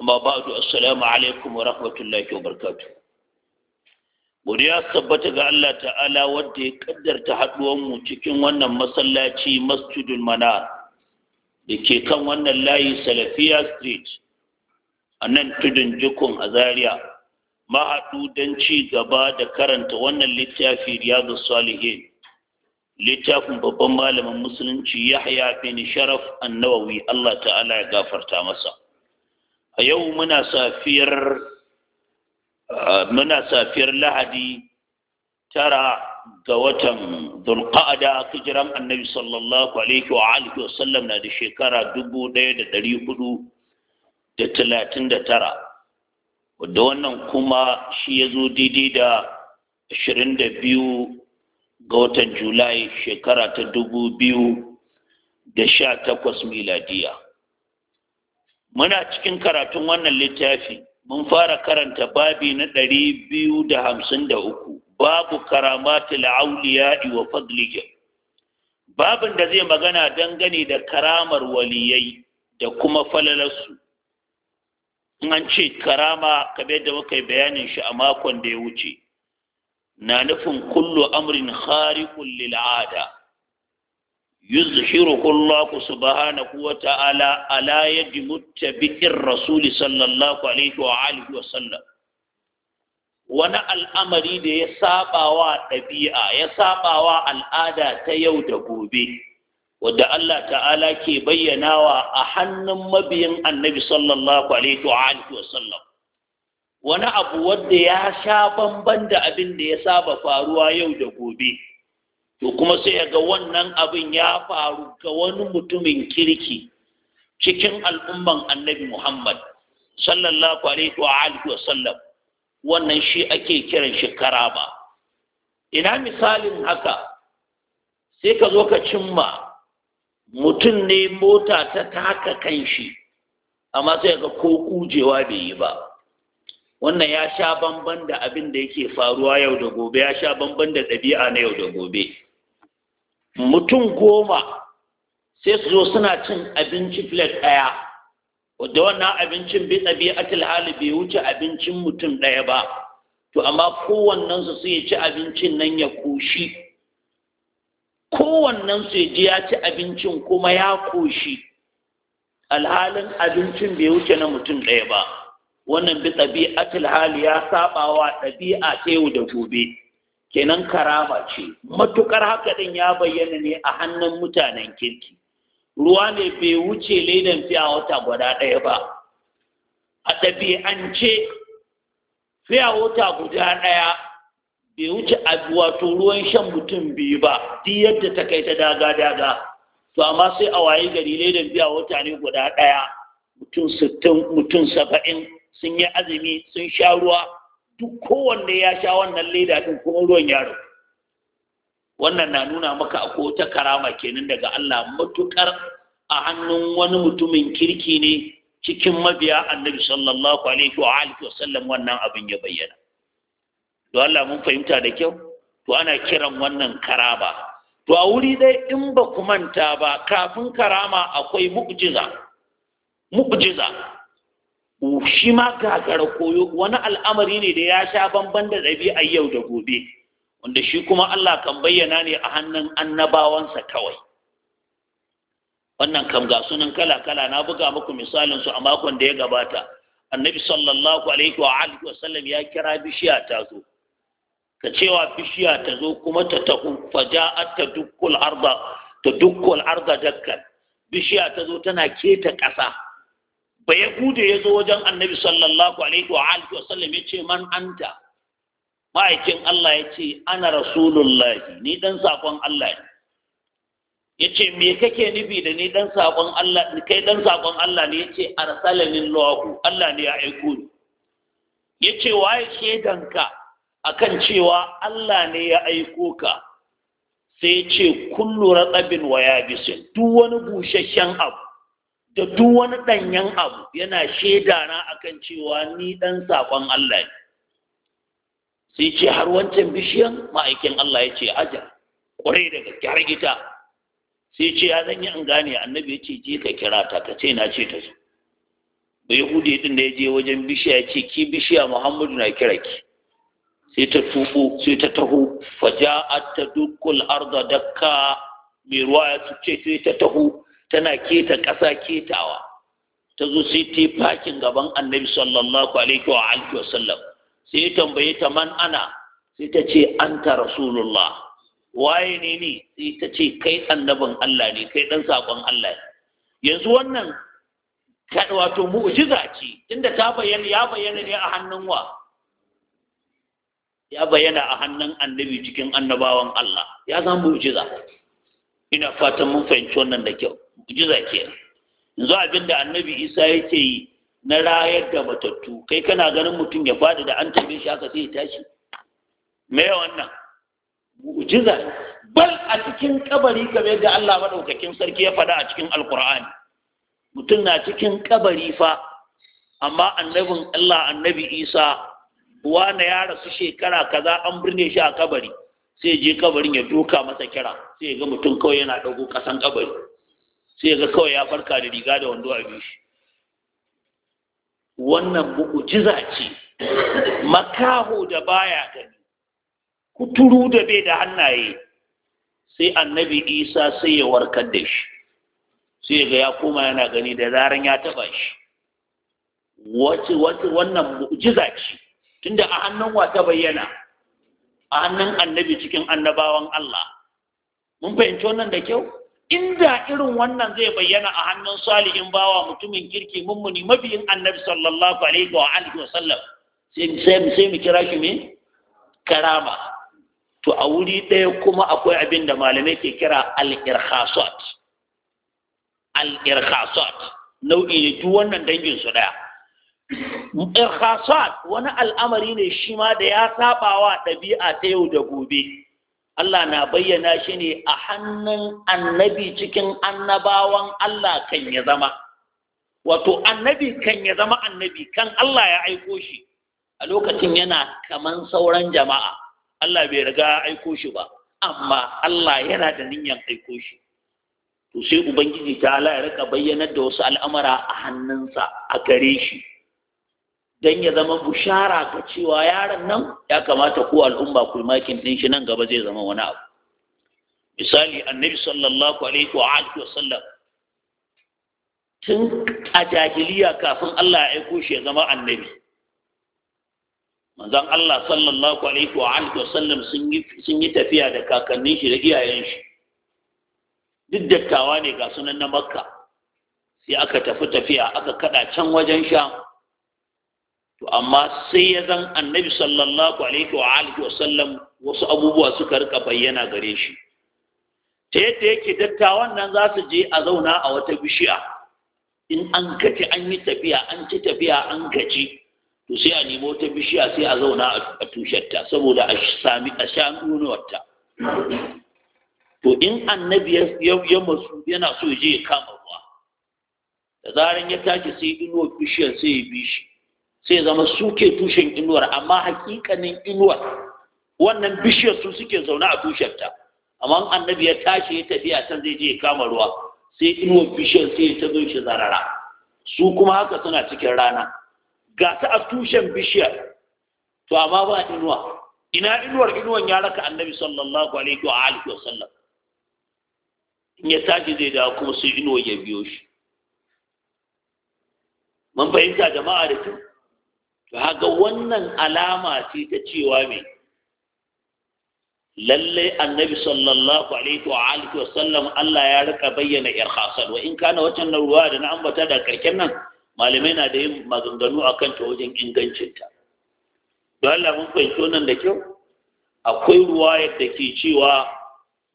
amma ba a ba'du assalamu alaikum wa rahmatullahi wa barkatu. godiya tabbata ga Allah ta'ala wanda ya kaddarta haduwan mu cikin wannan masallaci masjidul manar da ke kan wannan layi salafiya street a nan tudun jikun a Zariya, mahaɗu don ci gaba da karanta wannan littafi riyadu salihin littafin babban malamin musulunci yahya bin sharaf annawawi Allah ta'ala ya gafarta masa a yau muna safiyar lahadi tara ga watan dulqa'ada hijiran annabi sallallahu alaihi wa alihi wa sallam na da shekara dubu ɗaya da ɗari hudu da talatin da tara wadda wannan kuma shi ya zo daidai da ashirin da biyu ga watan julai shekara ta dubu biyu da sha takwas miladiya muna cikin karatun wannan littafi mun fara karanta babi na ɗari biyu da hamsin da uku babu karamatul auliya wa fadliya babin da zai magana dangane da karamar waliyai da kuma falalarsu in an ce karama kamar da muka yi bayanin shi a makon da ya wuce na nufin kullu amrin khariqun lil'ada يظهره الله سبحانه وتعالى على يد متبع الرسول صلى الله عليه وآله wani al'amari da ya sabawa wa ɗabi'a ya saba wa al'ada ta yau da gobe wadda Allah ta'ala ke bayyanawa a hannun mabiyin annabi sallallahu alaihi wa sallam wani abu wadda ya sha bamban da abin da ya saba faruwa yau da gobe to kuma sai ya ga wannan abin ya faru ga wani mutumin kirki cikin al'umman annabi Muhammad sallallahu alaihi wa alihi wa sallam wannan shi ake kiran shi karama ina misalin haka sai ka zo ka cimma mutum ne mota ta taka kan shi amma sai ga ko kujewa bai yi ba wannan ya sha bamban da abin da yake faruwa yau da gobe ya sha bamban da ɗabi'a na yau da gobe mutum goma sai su zo suna cin abinci filet ɗaya da wannan abincin bi ɗabi'atul hali bai wuce abincin mutum ɗaya ba to amma su sai ci abincin nan ya koshi kowannen ya ji ya ci abincin kuma ya koshi alhalin abincin bai wuce na mutum ɗaya ba wannan bi ɗabi'atul hali ya saɓawa ɗabi'a ta yau da gobe kenan karama ce matukar haka din ya bayyana ne a hannun mutanen kirki ruwa ne bai wuce laidan fiya wata guda ɗaya ba a ɗabi'ance fiya wata guda ɗaya bai wuce a wato ruwan shan mutum biyu ba duk yadda ta kai ta daga-daga to amma sai a waye gari laidan fiya wata ne guda ɗaya mutum sittin mutum saba'in sun yi azumi sun sha ruwa duk kowanne ya sha wannan leda din kuma ruwan yaro. wannan na nuna maka a ta karama kenan daga Allah matukar a hannun wani mutumin kirki ne cikin mabiya annabi sallallahu alaihi wa alihi wa sallam wannan abin ya bayyana to Allah mun fahimta da kyau to ana kiran wannan karama to a wuri dai in ba ku manta ba kafin karama akwai mu'jiza mu'jiza shi ma gagara koyo wani al'amari ne da ya sha bamban da ɗabi'a yau da gobe wanda shi kuma Allah kan bayyana ne a hannun annabawansa kawai wannan kam ga sunan kala-kala na buga muku misalin su a makon da ya gabata annabi sallallahu alaihi wa alihi wa sallam ya kira bishiya ta zo ka cewa bishiya ta zo kuma ta tahu faja'at ta dukkul arda ta dukkul arda dakkal bishiya ta zo tana keta ƙasa ba kude ya zo wajen annabi sallallahu alaihi wa alihi wa sallam ya ce man anta ma'aikin Allah ya ce ana rasulullahi ni dan sakon Allah ne ya ce me kake nufi da ni dan sakon Allah kai dan sakon Allah ne ya ce arsalani lahu Allah ne ya aiko ni ya ce waye shaidanka akan cewa Allah ne ya aiko ka sai ya ce kullu ratabin wa yabisin duk wani busasshen abu da duk wani ɗanyen abu yana shaida na akan cewa ni ɗan saƙon Allah ne sai ce har wancan bishiyan ma'aikin Allah ya ce aja ƙwarai daga kyar har ita sai ce ya zan yi an gane annabi ya ce je ka kira ta ka ce na ce ta zo bai hude din da ya je wajen bishiya ya ce ki bishiya Muhammadu na kira ki sai ta tuɓo sai ta taho faja'at ta dukkul arda dakka mai ruwa ya ce sai ta taho tana keta ƙasa ketawa ta zo sai ta fakin gaban annabi sallallahu alaihi wa alihi sallam sai ya tambaye ta man ana sai ta ce anta rasulullah waye ne ni sai ta ce kai annabin Allah ne kai dan sakon Allah ne yanzu wannan wato mu'jiza ce tunda ta bayyana ya bayyana ne a hannun wa ya bayyana a hannun annabi cikin annabawan Allah ya zama mu'jiza ina fatan mun fahimci wannan da kyau mu'jiza ke yanzu abin da annabi isa yake yi na rayar da matattu kai kana ganin mutum ya fadi da an tabe shi haka sai ya tashi me wannan mu'jiza bal a cikin kabari kamar yadda Allah madaukakin sarki ya faɗa a cikin alqur'ani mutum na cikin kabari fa amma annabin Allah annabi isa na ya rasu shekara kaza an birne shi a kabari sai je kabarin ya doka masa kira sai ya ga mutum kawai yana ɗauko ƙasan kabari sai ga kawai ya farka da riga da wando a shi wannan mu'ujiza ce makaho da baya gani kuturu da bai da hannaye sai annabi isa sai ya warkar da shi sai ga ya koma yana gani da zaran ya taba shi wace wace wannan mu'jiza ce tunda a hannun wa bayyana a hannun annabi cikin annabawan Allah mun fahimci wannan da kyau inda irin wannan zai bayyana a hannun salihin bawa mutumin kirki mummuni mabiyin annabi sallallahu alaihi wa alihi wa sallam sai mu kira shi me karama to a wuri ɗaya kuma akwai abin da malamai ke kira al-irhasat al-irhasat nau'i ne duk wannan dangin su ɗaya irhasat wani al'amari ne shi ma da ya saba wa ɗabi'a ta yau da gobe Allah na bayyana shi ne a hannun annabi cikin annabawan Allah kan ya zama wato annabi kan ya zama annabi kan Allah ya aiko shi a lokacin yana kaman sauran jama'a Allah bai riga aiko shi ba amma Allah yana da niyyar aiko shi Tosai ubangiji ta Allah ya rika bayyanar da wasu al'amara a hannunsa a gare shi don ya zama bushara ga cewa yaron nan ya kamata ko al'umma ku makin din shi nan gaba zai zama wani abu misali annabi sallallahu alaihi wa alihi wasallam tun a jahiliya kafin Allah ya aiko shi ya zama annabi manzon Allah sallallahu alaihi wa alihi wasallam sun yi sun yi tafiya da kakannin shi da iyayen shi duk dattawa ne ga sunan na Makka sai aka tafi tafiya aka kaɗa can wajen sha. amma sai ya zan annabi sallallahu alaihi wa alihi wa sallam wasu abubuwa suka rika bayyana gare shi ta yadda yake dattawan nan za su je a zauna a wata bishiya in an kace an yi tafiya an ci tafiya an gaji to sai a nemo ta bishiya sai a zauna a tushenta saboda a sami a sha nunuwarta to in annabi ya masu yana so ya je ya kama ruwa da zaran ya tashi sai inuwar bishiyar sai ya bishi. shi sai zama suke tushen inuwar amma hakikanin inuwar wannan bishiyar su suke zaune a tushenta amma annabi ya tashi ya tafiya can zai je ya kama ruwa sai inuwar bishiyar sai ta zo shi zarara su kuma haka suna cikin rana ga ta a tushen bishiyar to amma ba inuwa ina inuwar inuwar ya raka annabi sallallahu alaihi wa alihi wa sallam in ya tashi zai dawo kuma sai inuwar ya biyo shi mun fahimta jama'a da kyau to haka wannan alama ce ta cewa mai lalle annabi sallallahu alaihi wa alihi wasallam Allah ya rika bayyana irhasan wa in kana wacan na ruwa da na ambata da karken nan malamai na da yin maganganu akan ta wajen ingancinta don Allah mun fahimci wannan da kyau akwai ruwa yadda ke cewa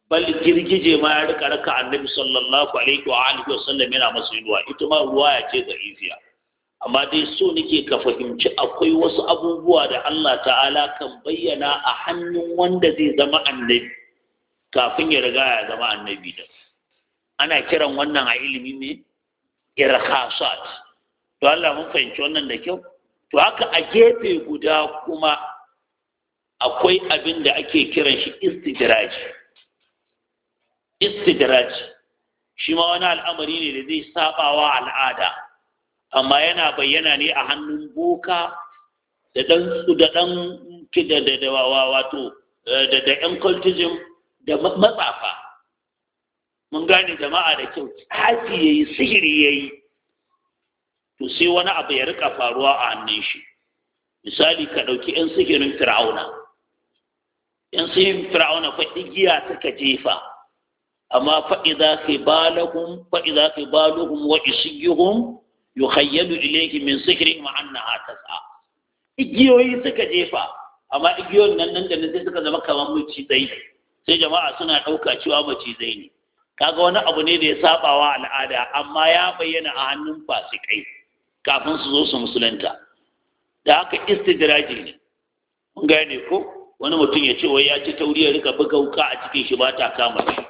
bal girgije ma ya rika raka annabi sallallahu alaihi wa alihi wasallam yana masu ruwa ita ma ruwa ce da ifiya amma dai so nake ka fahimci akwai wasu abubuwa da Allah ta'ala kan bayyana a hannun wanda zai zama annabi kafin ya riga ya zama annabi da ana kiran wannan a ilimi ne irhasat to Allah mun fahimci wannan da kyau to haka a gefe guda kuma akwai abin da ake kiran shi istidraj istidraj shi ma wani al'amari ne da zai sabawa al'ada amma yana bayyana ne a hannun boka da ɗan su da ɗan kida da dawawa wato da da ɗan eh, cultism da matsafa mun gane jama'a da kyau ya yayi sihiri yayi to sai wani abu ya rika faruwa a hannun shi misali ka ɗauki 'yan sihirin fir'auna 'yan sihirin fir'auna fa igiya suka jefa amma za ka baluhum fa'iza ka baluhum wa yukhayyalu ilayhi min sihrihim annaha tas'a igiyoyi suka jefa amma igiyoyin nan nan da nan sai suka zama kamar macizai sai jama'a suna ɗauka cewa macizai ne kaga wani abu ne da ya sabawa al'ada amma ya bayyana a hannun fasikai kafin su zo su musulunta da haka istidraji ne mun gane ko wani mutum ya ce wai ya ci tauri ya rika buga wuka a cikin shi ba ta kama shi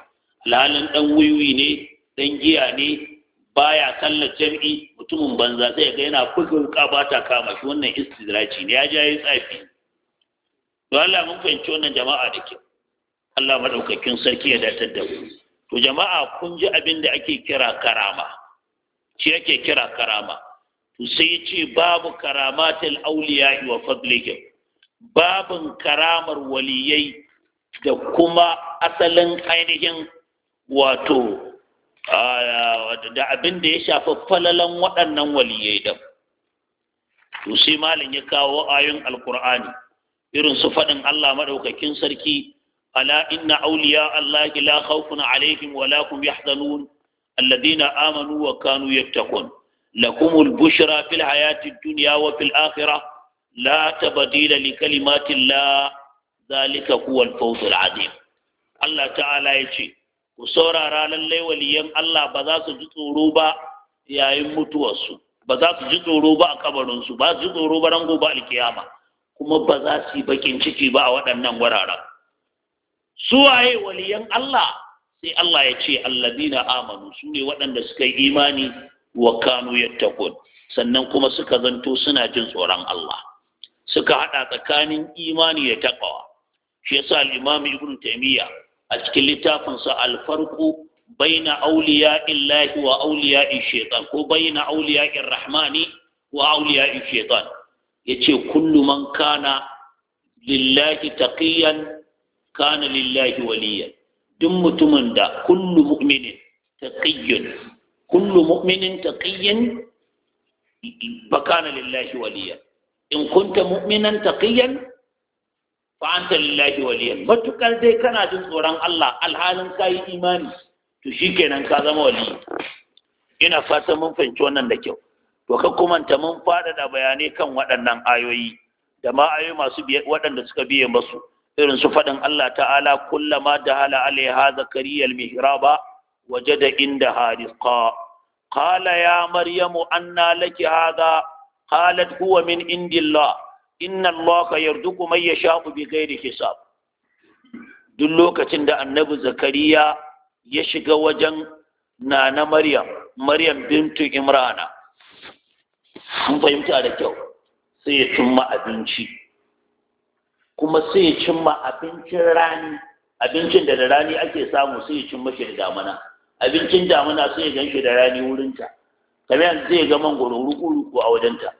alhalin dan wuyuyi ne dan giya ne baya kalla jam'i mutumin banza sai ga yana buga wuka ba ta kama shi wannan istidraci ne ya jayi tsafi to Allah mun fahimci wannan jama'a da ke Allah madaukakin sarki ya datar da mu to jama'a kun ji abin da ake kira karama shi ake kira karama to sai ya ce babu karamatul auliya wa fadlihim babin karamar waliyai da kuma asalin ainihin wato da abin da ya shafi falalan waɗannan waliyai da to sai malin ya kawo ayoyin alkur'ani irin su faɗin Allah maɗaukakin sarki ala inna auliya Allah la khawfun alaihim wa la hum yahzanun alladhina amanu wa kanu yattaqun لكم البشرى في الحياة الدنيا وفي الآخرة لا kalimati لكلمات الله ذلك هو الفوز العظيم الله تعالى يجي ku saurara lallai waliyan Allah ba za su ji tsoro ba yayin mutuwarsu ba za su ji tsoro ba a kabarinsu ba su ji tsoro ba rango ba alkiyama kuma ba za su yi bakin ciki ba a waɗannan wuraren Su waye waliyan Allah sai Allah ya ce allabina amanu su ne waɗanda suka yi imani wa kanu yattaqun sannan kuma suka zanto suna jin tsoron Allah suka haɗa tsakanin imani da taqwa shi yasa al-imam ibn taymiya a cikin littafinsa alfarku baina auliya illahi wa auliya shaitan ko baina auliya rahmani wa auliya shaitan yace kullu man kana lillahi taqiyan kana lillahi waliyan duk mutumin da kullu mu'minin taqiyan. kullu mu'minin taqiyan fa kana lillahi waliyan in kunta mu'minan taqiyan fa lillahi waliyan matukar dai kana jin tsoron Allah alhalin kayi imani to shikenan ka zama wali ina fatan mun fahimci wannan da kyau to ka kumanta mun faɗaɗa bayanai kan waɗannan ayoyi da ma ayoyi masu waɗanda suka biye masu irin su faɗin Allah ta'ala kullama da hala Waje da al-mihraba وجد عندها رزقا قال يا مريم أنى لك هذا قالت هو من min الله inna allaha yarduku man yasha'u ghairi hisab duk lokacin da annabi zakariya ya shiga wajen nana maryam maryam bintu imrana an fahimta da kyau sai ya cimma abinci kuma sai ya cimma abincin rani abincin da da rani ake samu sai ya cimma shi da damana abincin damana sai ya gan shi da rani wurinta kamar yanzu zai ga mangoro ruku ruku a wajenta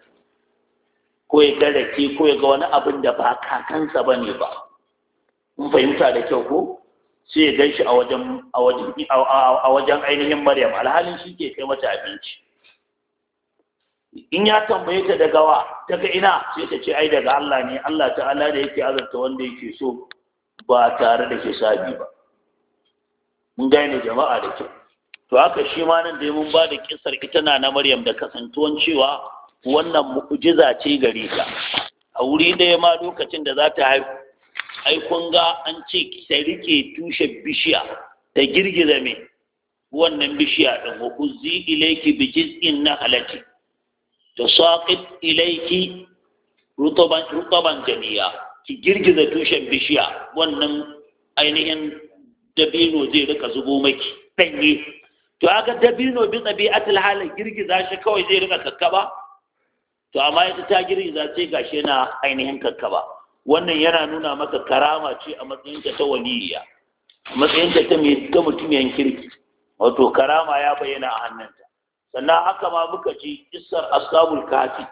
ko ya ga rake ko ya ga wani abin da ba kakansa ba ne ba mun fahimta da kyau ko sai ya gan shi a wajen ainihin maryam alhalin shi ke kai mata abinci in ya tambaye ta daga wa daga ina sai ta ce ai daga Allah ne Allah ta'ala da yake azurta wanda yake so ba tare da ke sabi ba mun gane jama'a da kyau to haka shi ma nan da mun ba da kisar ita na na Maryam da kasantuwan cewa wannan mu'jiza ce gare ka. a wuri ɗaya ma lokacin da za ta haifu ai kun ga an ce ta rike tushen bishiya ta girgiza me wannan bishiya ɗin wa kuzzi ilaiki bi jiz'in na halati ta saqit ilaiki rutuban rutuban jamiya ki girgiza tushen bishiya wannan ainihin dabino zai rika zubo maki danye to aka dabino bi tabi'atul hal girgiza shi kawai zai rika kakkaba to amma ita ta girgiza ce gashi na ainihin kakkaba wannan yana nuna maka karama ce a matsayinta ta waliya a matsayin ta ta mutumiyan kirki wato karama ya bayyana a hannunta sannan haka ma muka ci kissar ashabul kafi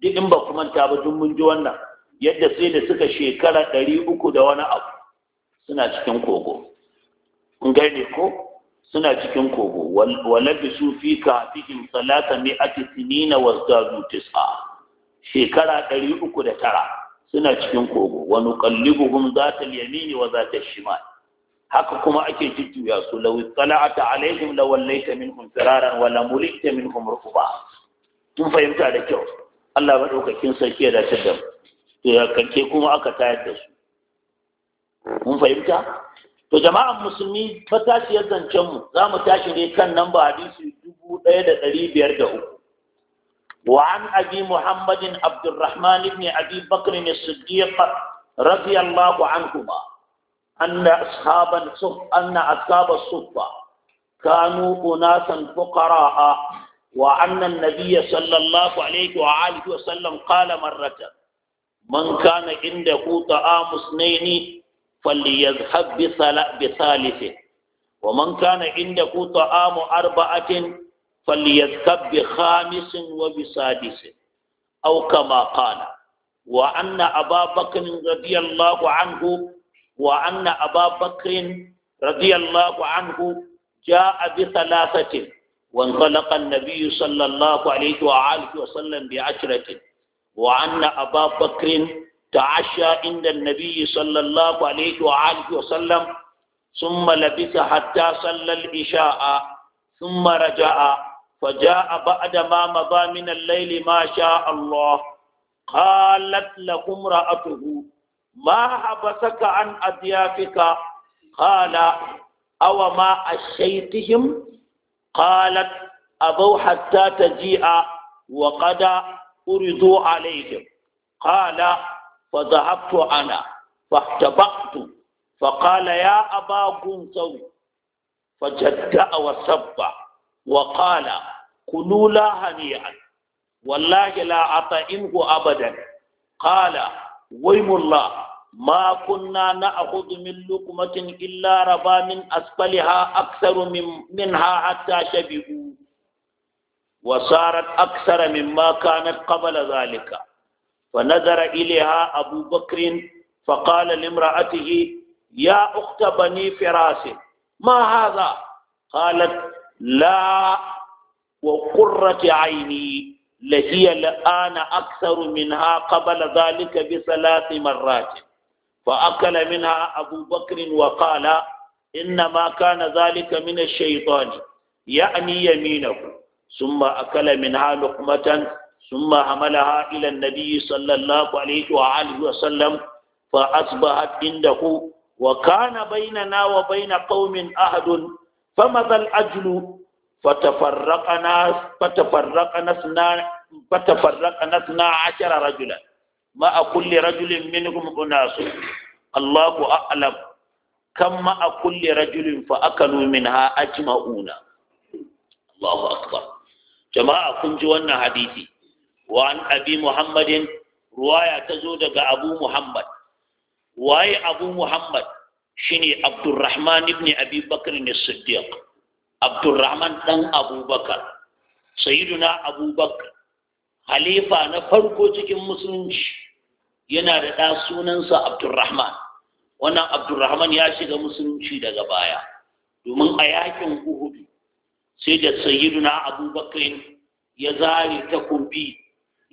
duk in ba kuma manta ba tun mun ji wannan yadda sai da suka shekara ɗari uku da wani abu suna cikin kogo kun gane ko suna cikin kogo walabisu fi kafihim salata mi'ati sinina wazdadu tis'a shekara ɗari uku da tara suna cikin kogo wani kallibuhum za ta ne wa za ta ma haka kuma ake jujjuya su lawi tsala'ata alaihim la wallaita minhum wala wa ta min minhum ba. tun fahimta da kyau Allah ɗaukakin sarki ya dace da to ya kanke kuma aka tayar da su mun fahimta to jama'an musulmi matashiyar zancen mu za mu tashi ne kan namba hadisi dubu ɗaya da ɗari biyar da uku وعن أبي محمد عبد الرحمن بن أبي بكر الصديق رضي الله عنهما أن أصحاب أن أصحاب الصفة كانوا أناسا فقراء وأن النبي صلى الله عليه وآله وسلم قال مرة من كان عنده طعام اثنين فليذهب بثالثه ومن كان عنده طعام أربعة فليذهب بخامس وبسادس أو كما قال وأن أبا بكر رضي الله عنه وأن أبا بكر رضي الله عنه جاء بثلاثة وانطلق النبي صلى الله عليه وآله وسلم بعشرة وأن أبا بكر تعشى عند النبي صلى الله عليه وآله وسلم ثم لبث حتى صلى العشاء ثم رجع فجاء بعد ما مضى من الليل ما شاء الله قالت له امرأته ما حبسك عن أضيافك قال أو ما أشيتهم قالت أبوا حتى تجيء وقد أردوا عليهم قال فذهبت أنا فاحتبأت فقال يا أبا قنصر فجدأ وسبّ وقال كلوا لا هنيئا والله لا أطعمه أبدا قال ويم الله ما كنا نأخذ من لقمة إلا ربا من أسفلها أكثر من منها حتى شبهوا وصارت أكثر مما كانت قبل ذلك فنظر إليها أبو بكر فقال لامرأته يا أخت بني فراس ما هذا قالت لا وقرة عيني لهي الآن أكثر منها قبل ذلك بثلاث مرات فأكل منها أبو بكر وقال إنما كان ذلك من الشيطان يعني يمينه ثم أكل منها لقمة ثم حملها إلى النبي صلى الله عليه وآله وسلم فأصبحت عنده وكان بيننا وبين قوم أهد فمضى الأجل فتفرقنا فتفرقنا فتفرقنا اثنا عشر رجلا مع كل رجل منهم أناس الله أعلم كم مع كل رجل فأكلوا منها أجمعون الله أكبر جماعة كنت وانا حديثي وعن أبي محمد رواية تزود أبو محمد واي أبو محمد shine Abdurrahman ibn Abi Bakr ne siddiq Abdurrahman dan Abubakar Sayyiduna Abubakar halifa na farko cikin musulunci yana da ɗa sunansa Abdurrahman wannan Abdurrahman ya shiga musulunci daga baya domin a yakin Uhud sai da Sayyiduna Abubakar ya zare kumbi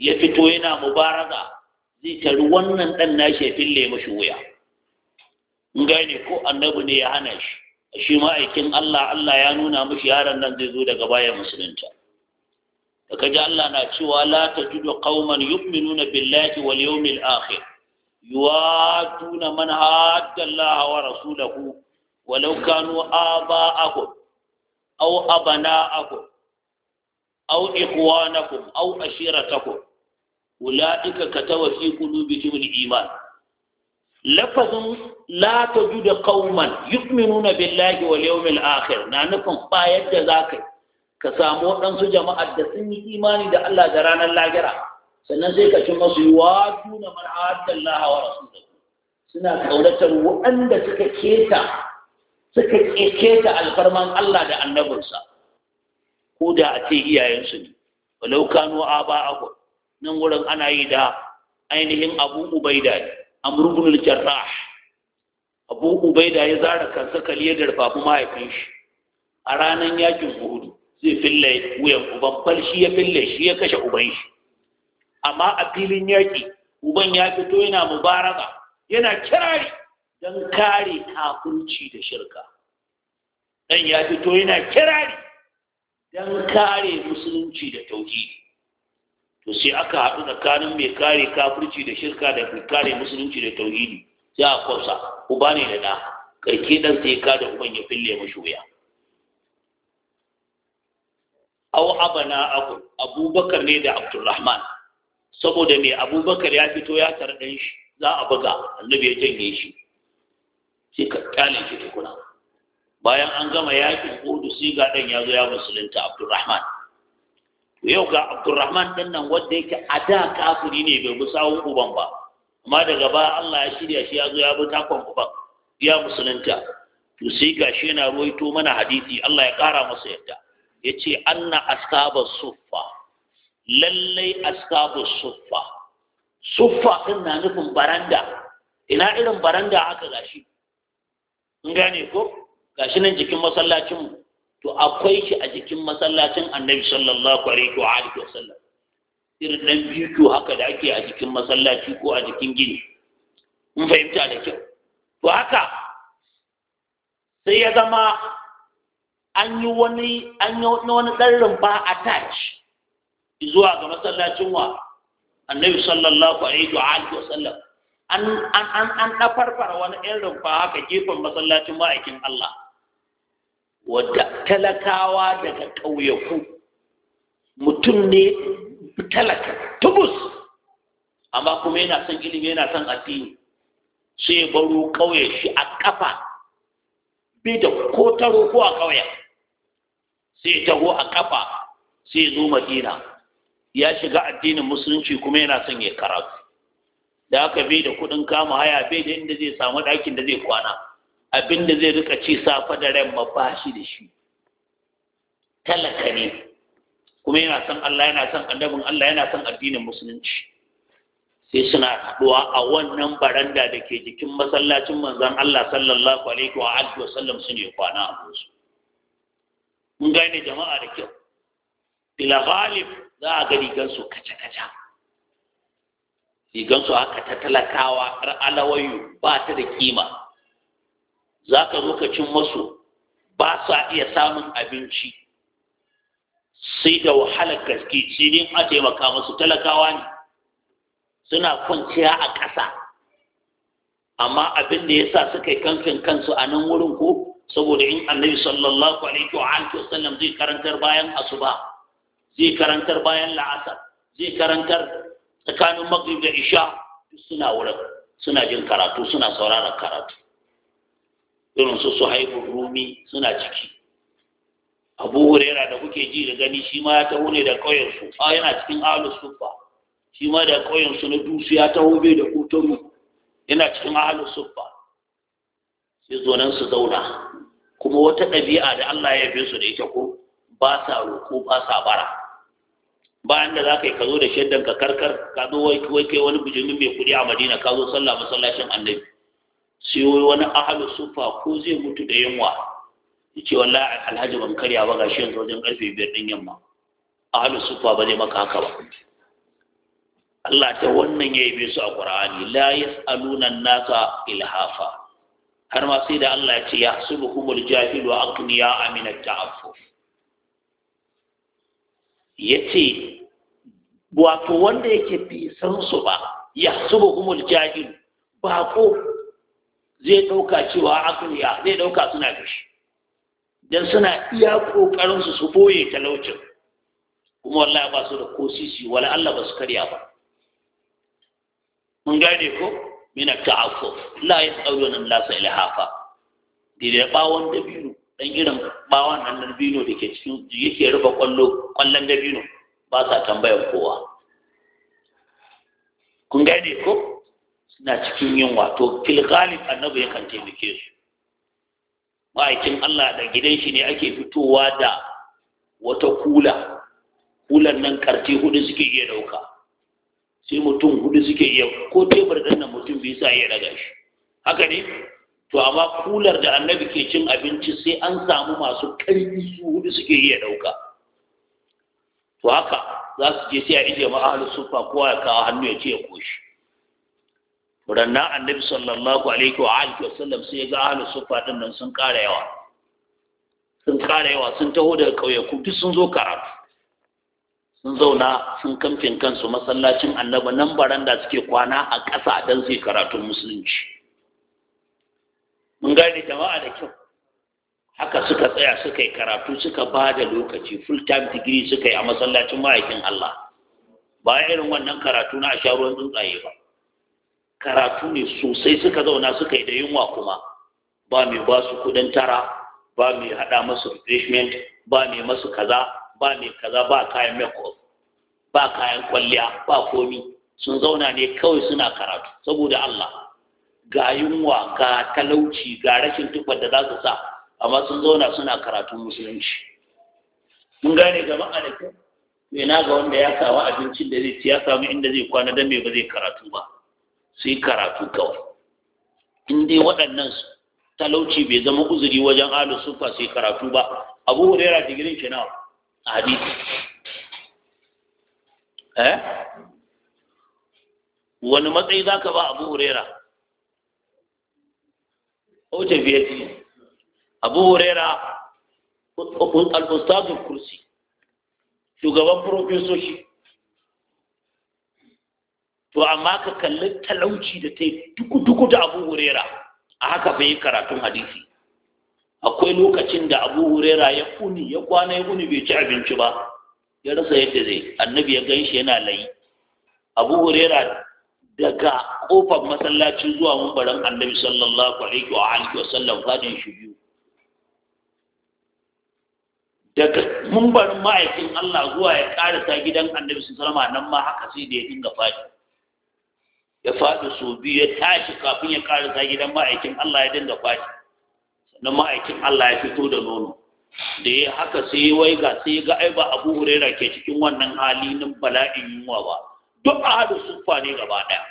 ya fito yana mubaraka zai tari wannan ɗan nashi ya fille mashi wuya gane ko annabi ne ya hana shi shi ma'aikin Allah Allah ya nuna mashi yaron nan zai zo daga baya musulunta daga ji Allah na cewa la tajidu qauman yu'minuna billahi wal yawmil akhir yuwaduna man hadda Allah wa rasulahu walau kanu aba'ahum aw abana'ahum aw ikhwanakum aw ashiratakum ulaika kataba fi qulubihim al-iman lafazin la ta juda kauman yu'minuna billahi wa yawmil akhir na nufin bayar da zakai ka samu waɗansu jama'ar da sun yi imani da Allah da ranar lagira sannan sai ka ci masu yi wa tuna man wa rasulahu suna kauratar waɗanda suka keta suka keta alfarman Allah da annabinsa ko da a ce iyayensu ne walau kanu aba'ahu nan wurin ana yi da ainihin abu ubaida ne amru ibn al-jarrah abu ubaida ya zara kansa kaliya da rafafu mahaifin shi a ranan yakin hudu zai fille wuyan uban fal shi ya fille shi ya kashe uban shi amma a filin yaki uban ya fito yana mubaraka yana kirari don kare kafurci da shirka dan ya fito yana kirari dan kare musulunci da tauhidi to sai aka haɗu tsakanin mai kare kafirci da shirka da mai kare musulunci da tauhidi sai a kwasa uba ne da ɗa karke ɗan sai ka da uban ya fille mashi wuya aw abana abu abubakar ne da abdulrahman saboda mai abubakar ya fito ya tarɗin shi za a buga annabi ya janye shi sai ka kyale shi tukuna bayan an gama yakin kudu sai ga ɗan ya zo ya musulunta abdulrahman yau ga abdurrahman ɗin nan wanda yake a da kafiri ne bai bi sawun uban ba amma daga baya allah ya shirya shi ya zo ya bi takon uban ya musulunta to sai ga yana ruwaito mana hadisi allah ya ƙara masa yadda ya ce anna askaba suffa lallai askaba suffa suffa ɗin na nufin baranda ina irin baranda aka gashi in gane ko gashi nan jikin masallacinmu to akwai shi a jikin masallacin annabi sallallahu alaihi wa alihi wasallam irin dan biyu haka da ake a jikin masallaci ko a jikin gini mun fahimta da kyau to haka sai ya zama an yi wani an yi wani dan rumfa attach zuwa ga masallacin wa annabi sallallahu alaihi wa alihi wasallam an an an an farfara wani irin fa haka gefen masallacin ma'aikin Allah wadda talakawa daga ƙauyaku mutum ne talaka tubus amma kuma yana son ilimi yana son addini sai ya baro ƙauye shi a ƙafa bai da ko taro ko a ƙauye sai ya taho a ƙafa sai ya zo madina ya shiga addinin musulunci kuma yana son ya karatu da haka bi da kuɗin kama haya bai da inda zai samu ɗakin da zai kwana Abin da zai rika ci safe da ran ba da shi talaka ne kuma yana san Allah yana san annabin Allah yana san addinin musulunci sai suna haɗuwa a wannan baranda da ke jikin masallacin manzon Allah sallallahu alaihi wa alihi wa sallam su ne kwana a su mun gane jama'a da kyau ila ghalib za a ga rigan su kaca kaca rigan su haka ta talakawa har alawayu ba ta da kima za ka zo ka cin masu ba sa iya samun abinci sai da wahalar gaske sai dai a taimaka masu talakawa ne suna kwanciya a ƙasa amma abin da ya sa suka yi kamfin kansu a nan wurin ko saboda in annabi sallallahu alaihi wa alihi wasallam zai karantar bayan asuba zai karantar bayan la'asar zai karantar tsakanin maghrib da isha suna wurin suna jin karatu suna sauraron karatu irin su haihu rumi suna ciki abu yana da kuke ji da gani shi ma ya taho ne da ƙauyensu a ah, yana cikin ahalus sufa shi ma da ƙauyensu na dusu ya taho bai da kutomi yana cikin ahalus sufa sai nan su zauna kuma wata ɗabi'a da Allah ya yabe su da ita ko ba sa roƙo ba sa bara bayan da za ka yi ka zo da shaddan ka karkar ka zo wai kai wani bijimin mai kuɗi a madina ka zo sallah masallacin annabi sai wani ahalu sufa ko zai mutu da yunwa yace wallahi alhaji ban karya ba ga shi yanzu wajen karfe biyar din yamma ahalu sufa ba zai maka haka ba Allah ta wannan ya yabe su a Qur'ani la yas'aluna an-nasa ilhafa har ma sai da Allah ya ce ya subhumul jahilu wa aqniya amina ta'affuf yace wato wanda yake bi san su ba ya subhumul jahil ba ko zai ɗauka cewa ya? zai ɗauka suna gashi. don suna iya ƙoƙarinsu su boye talaucin kuma wallah ba su da ko sisi Allah ba su karya ba mun gane ko min ta'affuf la nan an-nasa ilhafa dire bawon dabino dan irin bawon nan dabino da ke cikin yake rufe kwallo kwallon dabino ba sa tambayar kowa kun gane ko suna cikin yunwa to filgalin annabi kan taimake su ma'aikin Allah da gidan shi ne ake fitowa da wata kula kulan nan karti hudu suke iya dauka sai mutum hudu suke iya ko tebur dan nan mutum bai sa iya daga shi haka ne to amma kular da annabi ke cin abinci sai an samu masu karfi su hudu suke iya ɗauka to haka za su je sai a ije ma sufa kowa ya kawo hannu ya ce ya koshi rannan annabi sallallahu alaihi wa alihi wa sallam sai ga ahli sufa din nan sun ƙara yawa sun sun taho daga ku duk sun zo karatu sun zauna sun kamfin kansu masallacin annabi nan baranda suke kwana a ƙasa dan su karatu karatun musulunci mun gane jama'a da kyau haka suka tsaya suka yi karatu suka ba da lokaci full time degree suka yi a masallacin ma'aikin Allah ba irin wannan karatu na a sha tsuntsaye ba karatu ne sosai suka zauna suka yi da yunwa kuma ba mai ba su kudin tara ba mai hada masu refreshment ba mai masu kaza ba mai kaza ba kayan makeup ba kayan kwalliya ba komi sun zauna ne kawai suna karatu saboda Allah ga yunwa ga talauci ga rashin tufar da za su sa amma sun zauna suna karatun musulunci mun gane jama'a da kyau ina ga wanda ya samu abincin da zai ci ya samu inda zai kwana dan mai ba zai karatu ba su yi karatu kawai in dai waɗannan talauci bai zama uzuri wajen alu sufa su yi karatu ba abu hurera digirin shi nawa a hadisi eh wani matsayi za ka ba abu hurera o ti abu hurera al'ustazul kursi shugaban profesoshi to amma ka kalli talauci da ta yi duku-duku da abu hurera a haka bai yi karatun hadisi akwai lokacin da abu hurera ya kuni ya kwana ya kuni bai ci abinci ba ya rasa yadda zai annabi ya gan shi yana layi abu hurera daga kofar masallacin zuwa mumbaran annabi sallallahu alaihi wa alihi wa sallam fadin shi biyu daga mumbarin ma'aikin Allah zuwa ya karasa gidan annabi sallallahu alaihi wa sallam nan ma haka sai da ya dinga fadi ya faɗi su biyu ya tashi kafin ya karasa gidan ma'aikin Allah ya dinga fashi sannan ma'aikin Allah ya fito da nono da ya haka sai ya waiga sai ya ga ai ba Abu hurera ke cikin wannan hali nan bala'in yunwa ba duk ahadu suffa ne gaba ɗaya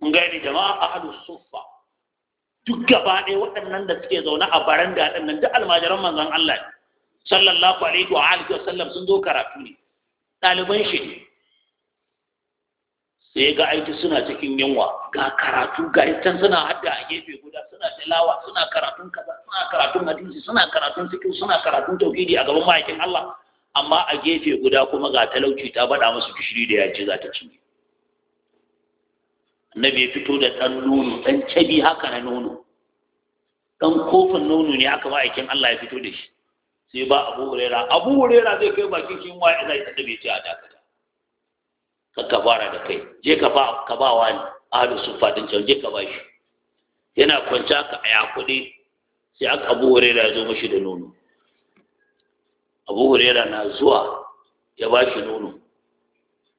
mun gani jama'a a ahadu suffa duk gaba ɗaya waɗannan da suke zaune a baranda ɗin nan duk almajiran manzon Allah sallallahu alaihi wa alihi wa sallam sun zo karatu ne ɗaliban shi ne sai ga aiki suna cikin yunwa ga karatu ga can suna hadda a gefe guda suna tilawa suna karatun kaza suna karatun hadisi suna karatun cikin suna karatun tauhidi a gaban ma'aikin Allah amma a gefe guda kuma ga talauci ta bada musu kishiri da yaji za ta cinye annabi ya fito da ɗan nono ɗan cabi haka na nono ɗan kofin nono ne haka ma'aikin Allah ya fito da shi sai ba abu hurera abu hurera zai kai bakin kin waye zai ta dabe a dakar ka fara da kai je ka ba ka ba wani ahlus sufa din can je ka ba shi yana kwanta ka aya kuɗi sai aka abu huraira ya zo mashi da nono abu huraira na zuwa ya ba shi nono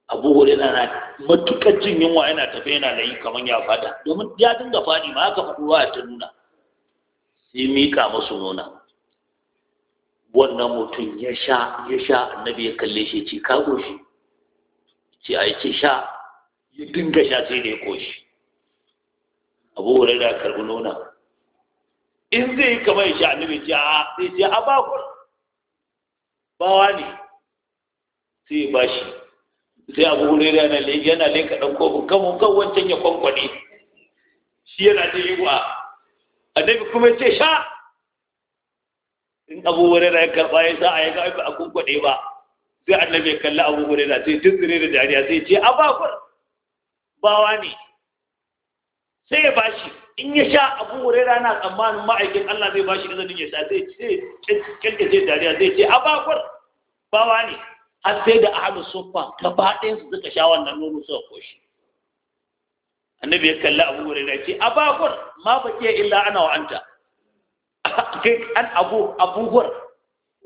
abu huraira na matukar jin yunwa yana tafe yana layi kamar ya fada domin ya dinga fadi ma aka haka faɗuwa ta nuna sai mika masu nuna wannan mutum ya sha ya sha annabi ya kalle shi ce ka goshi ce a ce sha ya dinga sha sai da ya koshi abu wurin da karɓi nuna in zai yi kamar sha annabi ce a sai ce a bakon bawa ne sai ya bashi sai abu wurin da yana leka ɗan kofin kamun kan wancan ya kwankwane shi yana ta yi wa annabi kuma ce sha in abu wurin da ya karɓa ya sa a ya ga a kunkwane ba sai annabi ya kalli abu da sai tunzire da dariya sai ce ababur bawa ne sai ya bashi in ya sha abu da na tsammanin ma'aikin Allah zai bashi izinin ya sha sai ce kirkice dariya zai ce abakur, bawa ne har sai da ahalu sufa gaba ɗayan su suka sha wannan nono suka koshi annabi ya kalli abu gure da ce abakur, ma bakiya illa ana wa anta kai an abu abubuwar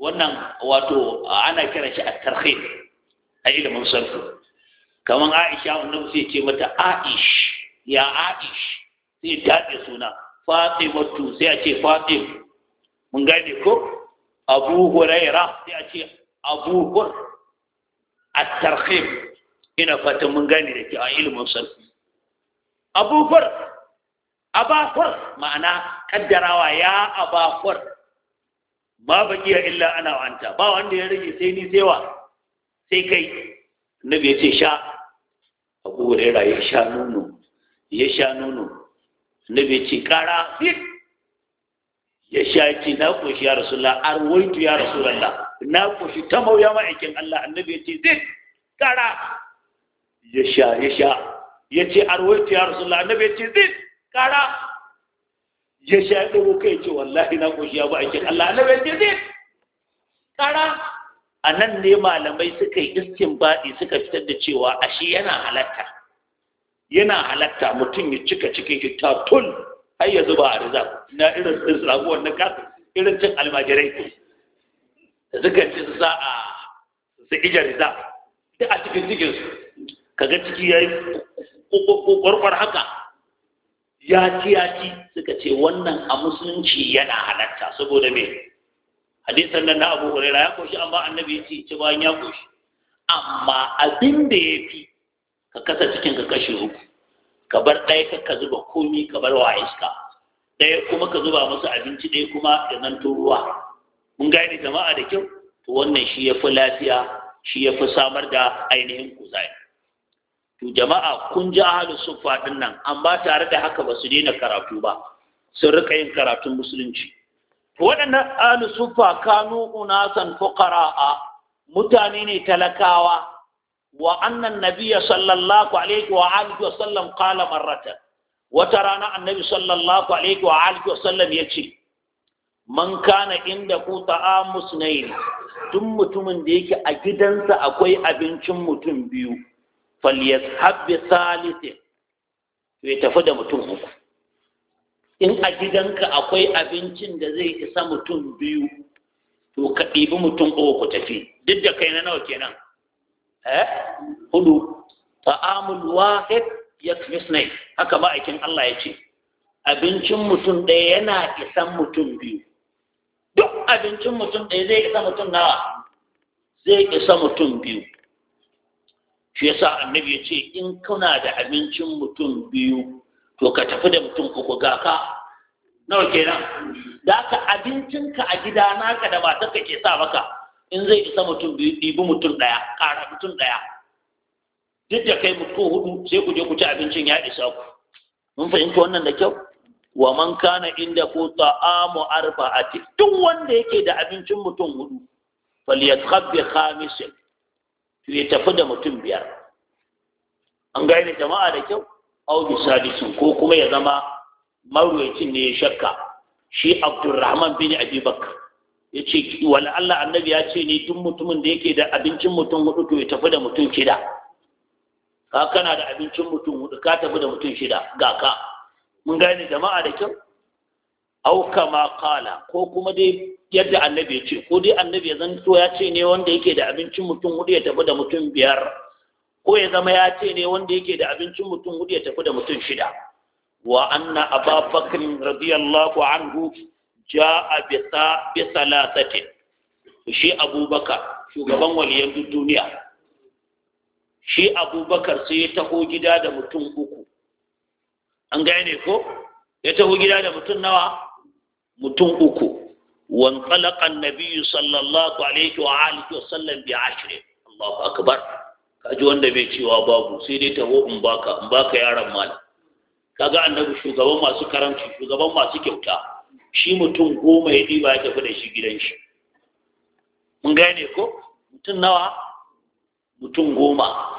wannan wato ana kira shi a tarhe a ilimin Sarki. kamar aisha wannan sai ce mata aish ya aish sai daɗe suna fatimatu sai a ce fatim mun gane ko abu huraira sai a ce abu hur a tarhe ina fatan mun gane da ke a ilimin Sarki. abu hur abafur ma'ana kaddarawa ya abafur ba kiya illa ana wanta ba wanda ya rage sai ni sai wa sai kai annabi ya ce sha abu hurairah ya sha nono ya sha nono annabi ya ce kara ya sha ya ce na koshi ya rasulullah arwaitu ya rasulullah na koshi ta mauya ma'aikin Allah annabi ya ce zai kara ya sha ya sha ya ce waitu ya rasulullah annabi ya ce zai kara ya sha ya ɗago kai ce wallahi na ƙoshi ya ba aikin Allah Allah ya ce zai ƙara a nan ne malamai suka yi baɗi suka fitar da cewa ashe yana halatta yana halatta mutum ya cika cikin shi tun har ya zuba a riza na irin irin raguwar na kasa irin cin almajirai da suka ci su sa a su ija riza duk a cikin cikin su kaga ciki ya yi kwarkwar haka ya ci ya ci suka ce wannan a musulunci yana halatta saboda me hadisan nan na Abu hurera ya koshi amma annabi ya ce ci bayan ya koshi amma abin da ya fi ka kasa cikin ka kashe uku ka bar ɗaya ka ka zuba komi ka bar wa iska ɗaya kuma ka zuba masu abinci ɗaya kuma da nan ruwa mun gane jama'a da kyau to wannan shi ya fi lafiya shi ya fi samar da ainihin kuzari to jama'a kun ji ahalu sufa din nan amma tare da haka ba su daina karatu ba sun rika yin karatun musulunci waɗannan ahalu sufa kanu unasan fukara'a mutane ne talakawa wa annan nabiyya sallallahu alaihi wa alihi wa sallam qala marratan wata rana annabi sallallahu alaihi wa alihi wa sallam yace man kana inda ku ta'amus nayi duk mutumin da yake a gidansa akwai abincin mutum biyu falyashab habbe salisin ya tafi da mutum uku in a gidanka akwai abincin da zai isa mutum biyu to ka ɗibi mutum uku ku tafi duk da kai na nawa kenan eh hudu ta'amul wahid yakfi sunai haka ma'aikin Allah ya ce abincin mutum ɗaya yana isan mutum biyu duk abincin mutum ɗaya zai isa mutum nawa zai isa mutum biyu shi yasa annabi ya ce in kuna da abincin mutum biyu to ka tafi da mutum uku ga ka nawa kenan da ka ka a gida naka da matarka ke sa maka in zai isa mutum biyu ɗibi mutum ɗaya ƙara mutum ɗaya duk da kai mutum hudu sai ku je ku ci abincin ya isa ku mun fahimta wannan da kyau wa man kana inda ko ta'amu arba'ati duk wanda yake da abincin mutum hudu falyadkhab bi khamisin to ya tafi da mutum biyar an gane jama'a da kyau au bi ko kuma ya zama marwayacin ne ya shakka shi abdurrahman bin abubakar ya ce wani Allah annabi ya ce ne duk mutumin da yake da abincin mutum hudu to ya tafi da mutum shida ka kana da abincin mutum hudu ka tafi da mutum shida ga ka mun gane jama'a da kyau au kama kala ko kuma dai yadda annabi ya ce ko dai annabi ya zan ya ce ne wanda yake da abincin mutum hudu ya tafi da mutum biyar ko ya zama ya ce ne wanda yake da abincin mutum hudu ya tafi da mutum shida wa anna ababakar radiyallahu anhu ja'a bisa bi salasatin shi abubakar shugaban waliyan duniya shi abubakar sai ya taho gida da mutum uku an gane ko ya taho gida da mutum nawa mutum uku wan Nabiyu sallallahu alaihi wa alihi wa sallam bi ashri Allahu akbar kaji wanda bai cewa babu sai dai taho in baka in baka yaron mali kaga annabi shugaban masu karanci shugaban masu kyauta shi mutum goma ya diba ya tafi da shi gidan shi mun gane ko mutum nawa mutum goma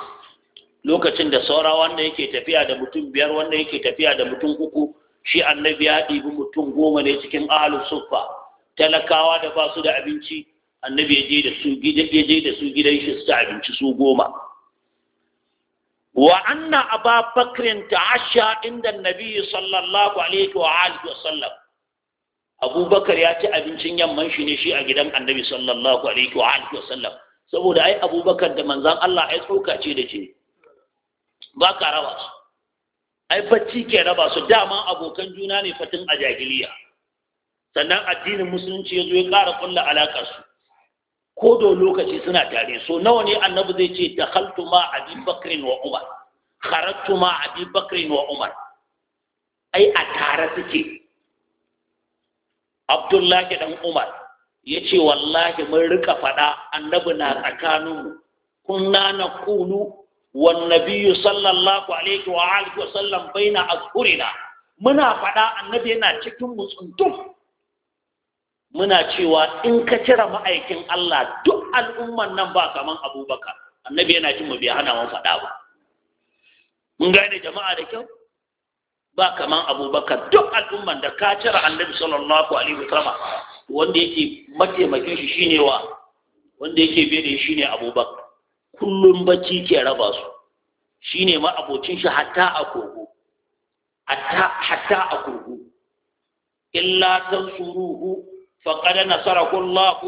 lokacin da saura wanda yake tafiya da mutum biyar wanda yake tafiya da mutum uku shi annabi ya ɗibi mutum goma ne cikin ahalin suffa talakawa da ba su da abinci annabi ya je da su je da su gidan shi su abinci su goma wa anna aba bakrin ta'asha inda annabi sallallahu alaihi wa alihi wa sallam abubakar ya ci abincin yamman shi ne shi a gidan annabi sallallahu alaihi wa alihi wa sallam saboda ai abubakar da manzon Allah ai tsoka ce da ce ba ka rawa su ai bacci ke raba su dama abokan juna ne fatin a jahiliya sannan addinin musulunci ya zo ya ƙara kulla alaƙar su ko da lokaci suna tare so nawa ne annabi zai ce dakhaltu ma abi bakrin wa umar kharajtu ma abi bakrin wa umar ai a tare suke abdullahi dan umar ya ce wallahi mun rika faɗa annabi na tsakaninmu kunna na kulu والنبي صلى الله عليه وآله وسلم بين أظهرنا muna fada annabi yana cikin mutsuntum muna cewa in ka cire ma'aikin Allah duk al'umman nan ba kaman abubakar annabi yana jin mu bai hana mu faɗa ba mun gane jama'a da kyau ba kaman abubakar duk al'umman da ka cire annabi sallallahu alaihi wasallam wanda yake mataimakin shi shine wa wanda yake shi shine abubakar kullum bacci ke raba su Shi ne ma abocin shi hatta a kogo hatta hatta a kogo illa tansuruhu faqad nasarahu Allah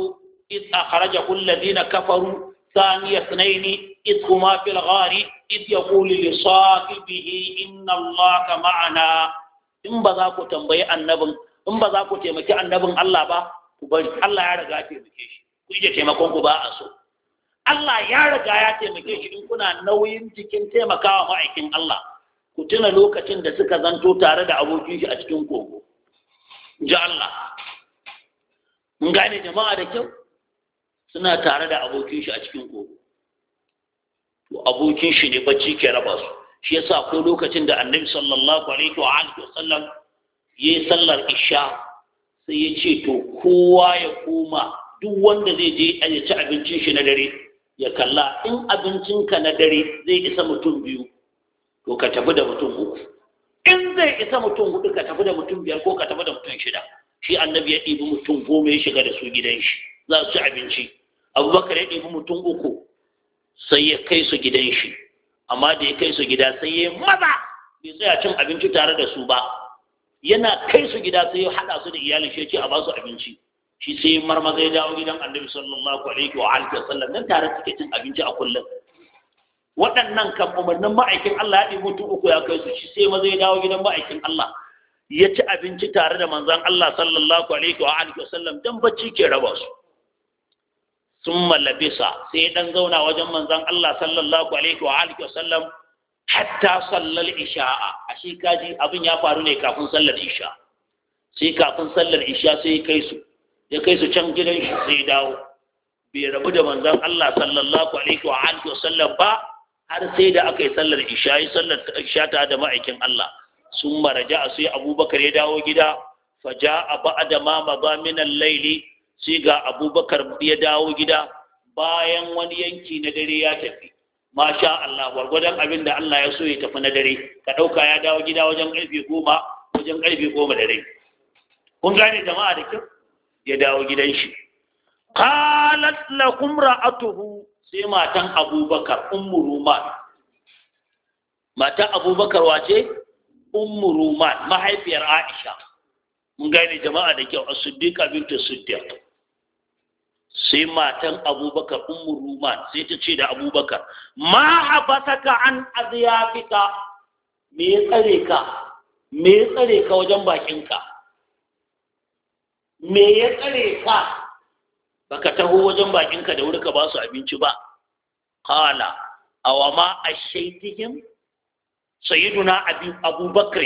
إذ أخرجه الذين كفروا ثاني اثنين إذ هما في الغار إذ يقول لصاحبه إن الله ma'ana. in ba za ku tambayi annabin in ba za ku taimaki annabin Allah ba ku bari Allah ya riga taimake shi ku iya taimakon ku ba a so Allah ya riga ya taimake shi in kuna nauyin jikin taimakawa ma'aikin Allah ku tuna lokacin da suka zanto tare da abokin shi a cikin kogo ji Allah mun gane jama'a da kyau suna tare da abokin shi a cikin kogo to abokin shi ne bacci ke raba su shi yasa ko lokacin da annabi sallallahu alaihi wa alihi wa sallam yayi sallar isha sai ya ce to kowa ya koma duk wanda zai je ya ci abincin shi na dare ya kalla in abincinka na dare zai isa mutum biyu to ka tafi da mutum uku in zai isa mutum hudu ka tafi da mutum biyar ko ka tafi da mutum shida shi annabi ya ɗibi mutum goma ya shiga da su gidan shi za su ci abinci abubakar ya ɗibi mutum uku sai ya kai su gidan shi amma da ya kai su gida sai ya maza bai tsaya cin abinci tare da su ba yana kai su gida sai ya haɗa su da iyalin shi ya ce a ba su abinci shi sai marma zai dawo gidan annabi sallallahu alaihi wa alihi wasallam nan tare suke cin abinci a kullum waɗannan kan umarnin ma'aikin Allah ya ɗigo tu uku ya kai su shi sai maza dawo gidan ma'aikin Allah ya ci abinci tare da manzon Allah sallallahu alaihi wa alihi wasallam dan bacci ke raba su summa labisa sai dan zauna wajen manzon Allah sallallahu alaihi wa alihi wasallam hatta sallal isha'a ashe kaji abin ya faru ne kafin sallar isha sai kafin sallar isha sai kai su ya kai su can gidan shi sai dawo bai rabu da manzan Allah sallallahu alaihi wa alihi sallam ba har sai da aka yi sallar isha yi sallar isha ta da ma'aikin Allah sun maraja sai Abubakar ya dawo gida a ba'da ma maza min al sai ga Abubakar ya dawo gida bayan wani yanki na dare ya tafi masha Allah gwargwadon abin da Allah ya so ya tafi na dare ka ɗauka ya dawo gida wajen ƙarfe goma wajen ƙarfe goma da rai kun gane jama'a da kyau ya dawo gidan shi qalat lakum ra'atuhu sai matan abubakar ummu ruman matan abubakar wace ummu ruman mahaifiyar aisha mun gane jama'a da kyau as-siddiqa bintu siddiq sai matan abubakar ummu ruman sai ta ce da abubakar ma habasaka an azyafika me tsare ka me ya tsare ka wajen ka me ya tsare ka baka taho wajen bakinka da wuri ba su abinci ba qala awama ashaitihim sayyiduna abubakar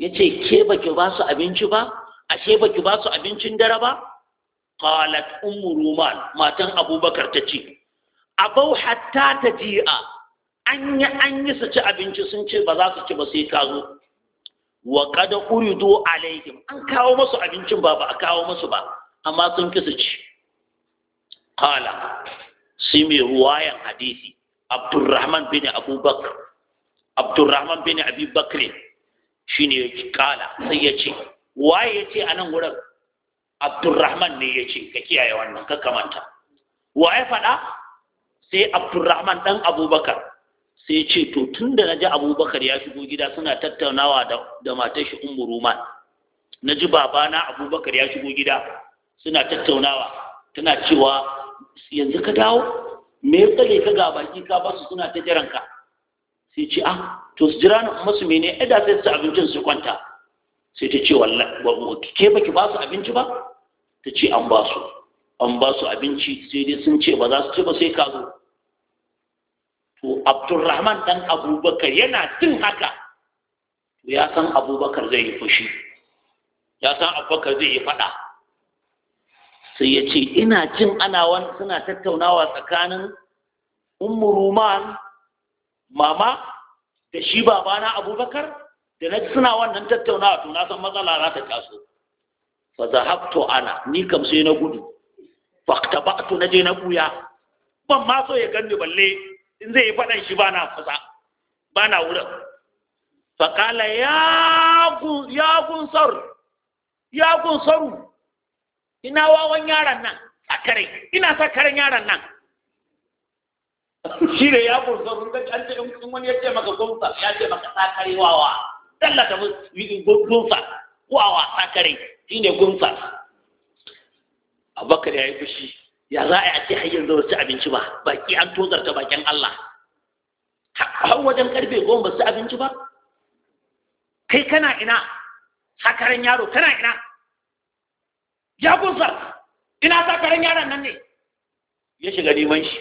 ya ce ke baki ba su abinci ba ashe baki ba su abincin dare ba qalat umu roman matan abubakar ta ce abau hatta ta an yi an yi su ci abinci sun ce ba za su ci ba sai ka zo wa qad uridu alaihim an kawo masu abincin ba ba a kawo masu ba amma sun kisa ci qala sai mai ruwayan hadisi abdurrahman bin abubakar abdurrahman bin abi bakr shine kala sai ya ce waye ya ce a nan wurin abdurrahman ne ya ce ka kiyaye wannan ka kamanta waye faɗa sai abdurrahman ɗan abubakar sai ce to tun da na ji abubakar ya shigo gida suna tattaunawa da matar shi umu ruman na ji babana abubakar ya shigo gida suna tattaunawa tana cewa yanzu ka dawo me ya tsale ka ga baki ka basu suna ta jiranka sai ce ah to su jira na masu mene ai da sai su abincin su kwanta sai ta ce wallahi ke baki ba su abinci ba ta ce an ba su an ba su abinci sai dai sun ce ba za su ci ba sai ka zo to abdurrahman dan abubakar yana jin haka ya san abubakar zai yi fushi ya san abubakar zai yi fada sai ya ce ina jin ana wani suna tattaunawa tsakanin umuruman mama da shi babana abubakar da na suna wannan tattaunawa to na san matsala za ta taso fa zahabtu ana ni kam sai na gudu fa batu na je na buya ban ma so ya ganni balle in zai yi faɗan shi ba na kusa ba na wurin faƙala ya sauru ya sauru ina wawan yaran nan sakare ina sakaren yaran nan shi da ya sauru ga an ce in wani ya ce maka gunsa ya ce maka sakare wawa tallata gunsa wawa sakare shi ne gunsa abubakar ya yi fushi ya za a yi a ce hanyar yanzu abinci ba ba baki an tozarta bakin Allah har wajen karfe goma ba su abinci ba kai kana ina sakaran yaro kana ina ya kunsa ina sakaran yaron nan ne ya shiga neman shi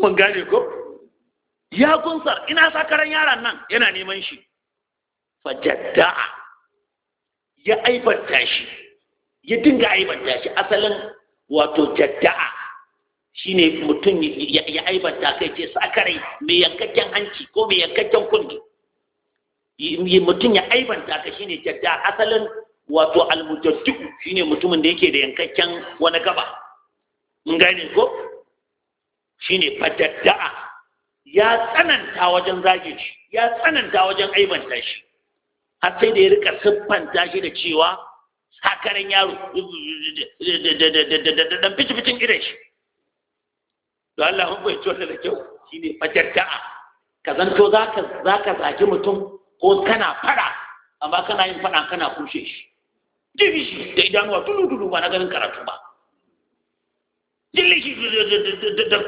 mun gane ko ya kunsa ina sakaran yaron nan yana neman shi fajadda'a ya aibanta shi ya dinga aibanta shi asalin wato jadda'a shine mutum ya aibanta kai ce sakarai mai yankakken hanci ko mai yankakken kulki mutum ya aibanta ka shine jadda asalin wato almujaddu shine mutumin da yake da yankakken wani gaba mun gane ko shine fadadda'a ya tsananta wajen zage shi ya tsananta wajen aibanta shi har sai da ya rika siffanta shi da cewa sakaran yaro da dan fitin irin shi to Allah mun bai tsoro da kyau shine majadda'a ka zanto zaka zaka zaki mutum ko kana fada amma kana yin fada kana kushe shi jibi shi da idanuwa tulu tulu ba na ganin karatu ba jilli shi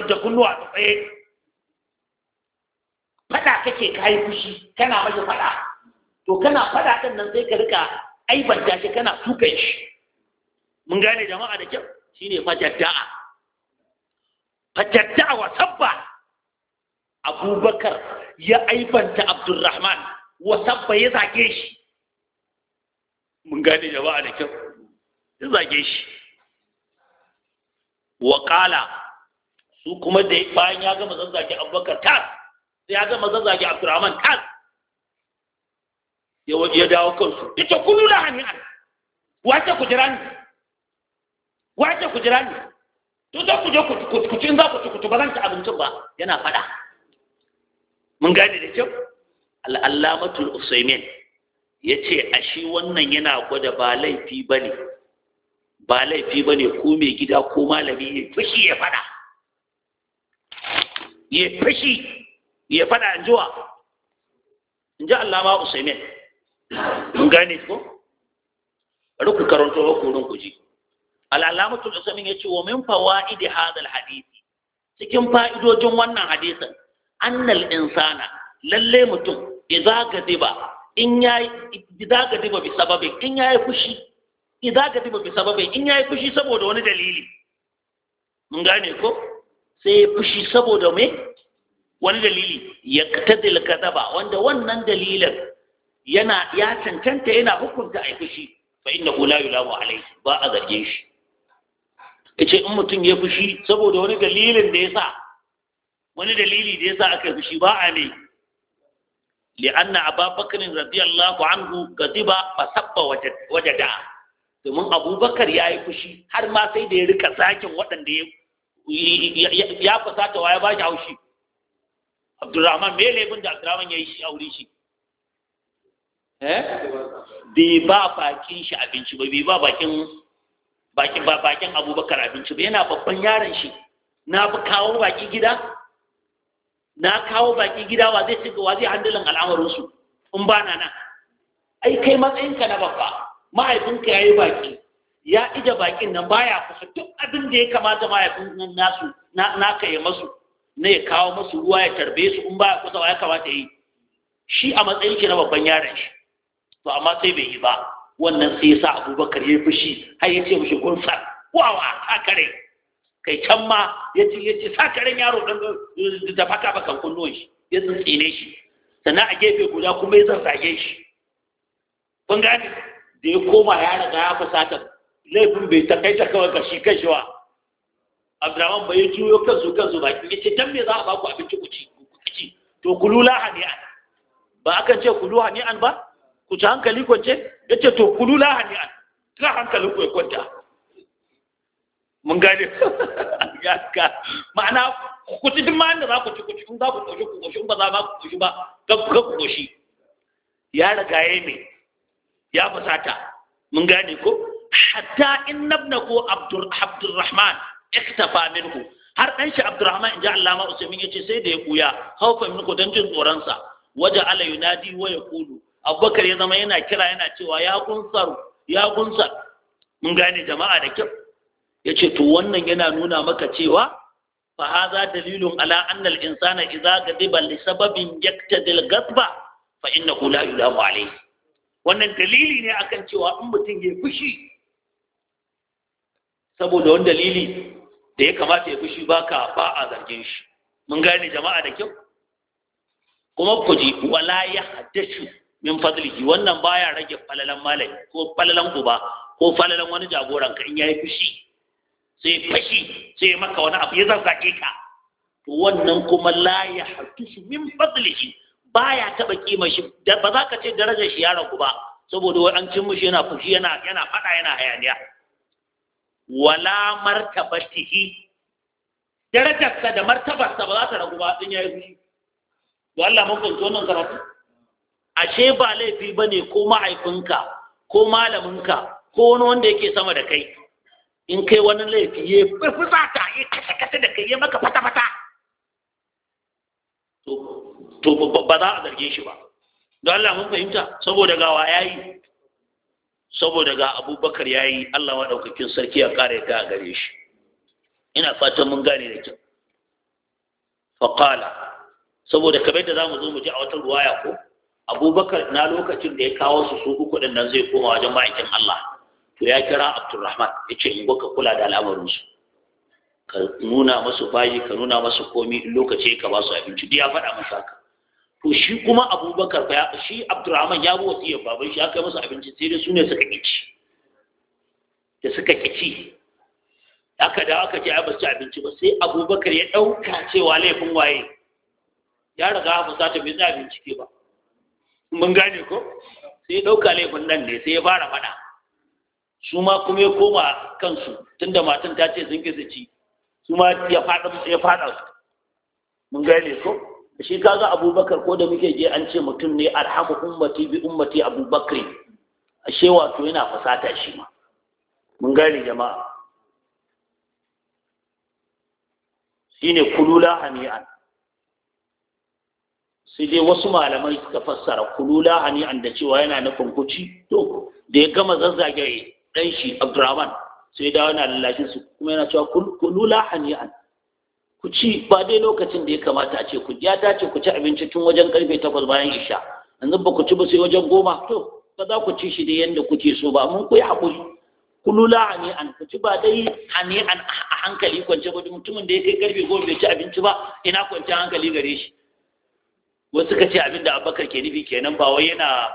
da kunnuwa da tsaye fada kake kai kushi kana mashi fada to kana fada din nan sai ka rika aibanta shi kana tukan shi mun gane jama'a da kyau shine majadda'a fajadda wa sabba abubakar ya aibanta abdurrahman wa sabba ya zage shi mun gane jama'a da kyau ya zage shi wa kala su kuma da bayan ya gama zazzage abubakar tas sai ya gama zazzage abdurrahman tas ya waje ya dawo kansu ita kullu la hanin wace ku jira ni wace ku jira ni duk za ku je ku ci za ku ci kutu ba zan ci abincin ba yana faɗa mun gane da kyau al'allamatul usaimin ya ce a shi wannan yana gwada ba laifi ba ne ba laifi ba ne ko mai gida ko malami ya fushi ya faɗa ya fushi ya faɗa in jiwa in ji allama usaimin mun gane ko rukun ku karanto ba ku al'alamatul usamin ya ce wa min da hadal hadisi cikin fa'idojin wannan hadisin annal insana lalle mutum idza gadiba in yayi idza gadiba bi sababi in yayi fushi idza gadiba bi sababi in yayi fushi saboda wani dalili mun gane ko sai fushi saboda me wani dalili ya tadil kadaba wanda wannan dalilin yana ya cancanta yana hukunta ai fushi fa innahu la yulamu alayhi ba a zarge shi ya ce in mutum ya fushi saboda wani dalilin da ya sa wani dalili da ya sa aka fushi ba a ne li'anna ababakar radiyallahu anhu gaziba ba sabba da domin abubakar ya yi fushi har ma sai da ya rika zakin waɗanda ya fusata wa ya ba shi haushi abdurrahman me laifin da abdurrahman ya yi shi aure shi eh bai ba bakin shi abinci ba bai ba bakin bakin ba bakin abubakar abinci ba yana babban yaron shi na bi kawo baki gida na kawo baki gida wa zai cika wa zai handalin al'amarinsu in ba na nan ai kai matsayinka na babba mahaifinka ya yi baki ya ija bakin nan baya kusa duk abin da ya kamata mahaifin nan nasu na naka ya masu na ya kawo masu ruwa ya tarbe su in baya kusa ya kamata ya yi shi a matsayin shi na babban yaron shi to amma sai bai yi ba wannan sai ya sa abubakar ya yi fushi har ya ce mushi kun sa wawa sa kare kai can ma ya ce ya ce sa karen yaro dan da faka bakan kunnuwan shi ya tsine shi sannan a gefe guda kuma ya zazzage shi kun gane da ya koma ya riga ya fusata laifin bai ta kai ta kawai ga shi kan shi wa abdurrahman bai juyo kansu kansu ba. ya ce dan me za a ba ku abinci ku ci to kulula hani'an ba akan ce ne an ba ku ci hankali kwance ya ce to kulu lahani an ta hankalin ku ya kwanta mun gane ma'ana ku ci duk ma'an da za ku ci ku ci in za ku koshi ku koshi in ba za ma ku koshi ba ka ku koshi ya riga ya ya fasata mun gane ko hatta in nabna ko abdurrahman iktafa minhu har dan shi abdurrahman inji allama usaimin yace sai da ya kuya haufa minhu dan jin tsoron sa waja ala yunadi wa yaqulu abubakar ya zama yana kira yana cewa ya kunsar ya kunsar mun gane jama'a da kyau ya ce to wannan yana nuna maka cewa fa haza dalilun ala annal insana idza gadiba li sababin yaktadil gadba fa innahu la yulamu alayhi wannan dalili ne akan cewa in mutum ya fushi saboda wani dalili da ya kamata ya fushi baka ba a zargin shi mun gane jama'a da kyau kuma kuji wala ya haddashu min fadlihi wannan baya rage falalan malami ko falalan uba ko falalan wani jagoran ka in yayi fushi sai fashi sai maka wani abu ya zazzake ka to wannan kuma la ya hatusu min fadlihi baya taba kima shi ba za ka ce darajar shi ya ragu ba saboda wai an cin mushi yana fushi yana yana fada yana hayaniya wala martabatihi darajarsa da martabarsa ba za ta ragu ba in yayi fushi to Allah mun kunto wannan karatu ashe ba laifi ba ne ko ma'aifinka ko malaminka ko wani wanda yake sama da kai in kai wani laifi ya fi zata ya kashe kashe da kai ya maka fata fata to ba za a zarge shi ba don Allah mun fahimta saboda gawa yayi saboda ga abubakar ya yi allah maɗaukakin sarki ya ƙara ta a gare shi ina fatan mun gane da kyau faƙala saboda kamar da za mu zo mu ji a wata ruwaya ko abubakar na lokacin da ya kawo su su uku din nan zai koma wajen ma'aikin Allah to ya kira Abdulrahman ya ce in ka kula da al'amarinsu ka nuna masu bayi ka nuna masu komi lokaci ka ba su abinci duk ya faɗa masa haka to shi kuma abubakar fa shi Abdulrahman ya bi wasiyar baban shi ya kai masa abinci sai dai su ne suka kici da suka kici aka da aka ce ai ba su ci abinci ba sai abubakar ya ɗauka cewa laifin waye ya riga ba za ta bi za bincike ba mun gane ko sai ya ɗauka laifin nan ne sai ya fara faɗa su ma kuma ya koma kansu tunda matan ta ce sun kisa ci su ma ya faɗa ya faɗa su mun gane ko shi kaga abubakar ko da muke je an ce mutum ne arhamu ummati bi ummati abubakar ashe wato yana fasata shi ma mun gane jama'a shine kulula hani'an sai dai wasu malamai suka fassara kulula hani'an da cewa yana nufin kuci to da ya gama zazzage dan shi abdurrahman sai dawo yana lallashin su kuma yana cewa kulula hani'an ku ci ba dai lokacin da ya kamata a ce ku ya dace ku ci abinci tun wajen karfe takwas bayan isha yanzu ba ku ci ba sai wajen goma to ba za ku ci shi da yadda kuke so ba mun ku yi haƙuri Kulula lula an ku ci ba dai ne a hankali kwance ba mutumin da ya kai karfe goma bai ci abinci ba ina kwance hankali gare shi wasu suka ce abin da abubakar ke nufi kenan ba wai yana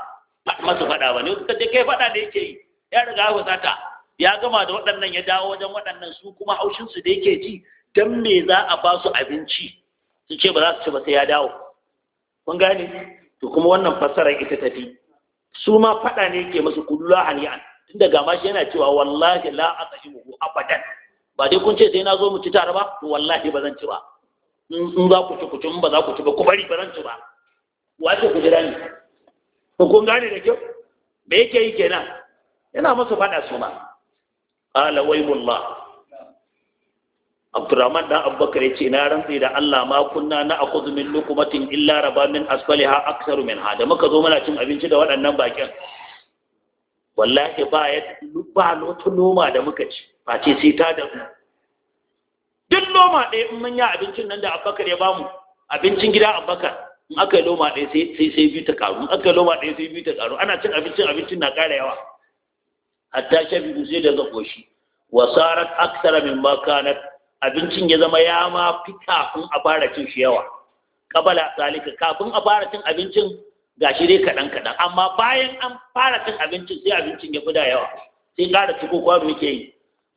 masu faɗa ba ne wasu suka ce kai faɗa da yake yi ya riga ya wasata ya gama da waɗannan ya dawo wajen waɗannan su kuma haushinsu da yake ji dan me za a ba su abinci su ce ba za su ci ba sai ya dawo kun gane to kuma wannan fassara ita tafi su ma faɗa ne ke masu kullula hani'an tun daga ma shi yana cewa wallahi la ataimuhu abadan ba dai kun ce sai na zo mu ci tare ba to wallahi ba zan ci ba in za ku ci ku ci ba za ku ci ba ku bari ba zan ci ba ce ku jira ni to kun gane da kyau me yake yi kenan yana masa fada su ba qala waymullah Abdurrahman dan Abubakar ya ce na rantsi da Allah ma kunna na akhudhu min lukumatin illa raba min asfaliha aktsaru min hada muka zo muna cin abinci da waɗannan bakin wallahi ba ya ba lotu noma da muka ci ce sai ta da duk loma ɗaya in mun yi abincin nan da abubakar ya bamu abincin gida abubakar in aka yi loma ɗaya sai sai biyu ta karu in aka yi loma ɗaya sai biyu ta karu ana cin abincin abincin na ƙara yawa hatta sha biyu sai daga ƙoshi wasarar aksara min ma kanat abincin ya zama ya ma fi kafin a fara cin shi yawa kabala salika kafin a fara cin abincin gashi dai kaɗan kaɗan amma bayan an fara cin abincin sai abincin ya fi da yawa sai ƙara ciko kwano yake yi